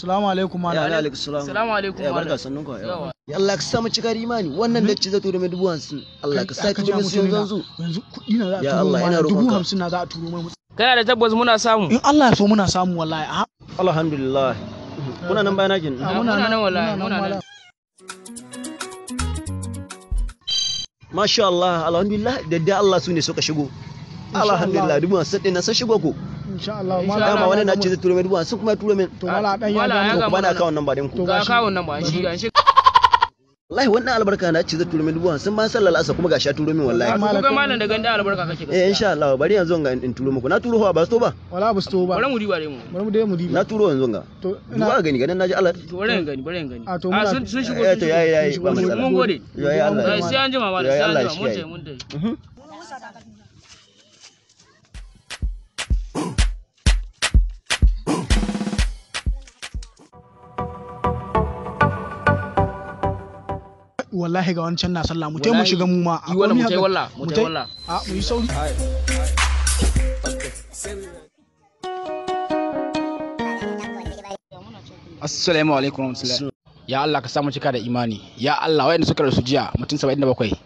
Salamu alaikum malam. Ya alaikum salam. Salamu alaikum eh, malam. barka sannun ka. Ya Allah ka sa mu cikar imani. Wannan ci zato da mai dubu hamsin. Allah ka sa ka turo mai yanzu. Yanzu kuɗi na za a turo. Ya Allah ina roƙon Dubu hamsin na za a turo mai. Kana da tabbas muna samu. In Allah ya so muna samu wallahi. Alhamdulillah. Kuna nan bayan kin. Ah, muna nan wallahi. Muna nan. Masha Allah, alhamdulillah, da Allah su ne suka shigo. Alhamdulillah, dubu hamsin ɗin na sun shigo ko. insha Allah ma dama wani na ce zai turo mai dubu sun kuma turo mai to wala dan ya ga kuma na kawon nan ba din ku ga kawon nan ba an shi an shi wallahi wannan albarka na ce zai turo min dubu hamsin bayan sallar asa kuma gashi ya turo min wallahi ku ga malam da ganda albarka kake gaskiya eh insha Allah bari yanzu ga in turo muku na turo ba sto ba wala ba sto ba bari mu riba mu bari mu dai mu riba na turo yanzu ga to ina gani ganin naji Allah to bari gani bari gani a to ah, sun sun shigo eh to yayi yayi ba mun gode yayi Allah sai an jima malam sai an jima mun tai mun tai mhm. wallahi ga wancan na sallah mu tai mu shiga mu ma a wala mu tai walla mu tai walla a mu yi sauri assalamu alaikum ya Allah ka samu cika da imani ya Allah wayanda suka rasu jiya mutum 77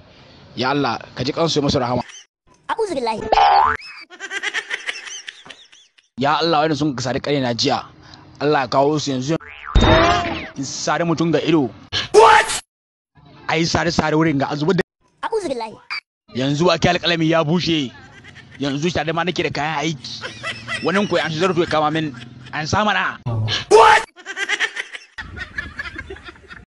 ya Allah ka ji kansu masu rahama a'udhu billahi ya Allah wayanda sun kasari kare na jiya Allah ya kawo su yanzu in sare mutum ga ido a yi sare-sare wurin ga azubu da yanzu ake alƙalami ya bushe yanzu shi ma nake da kayan aiki wani koyi an shi zarto ya kama min an samana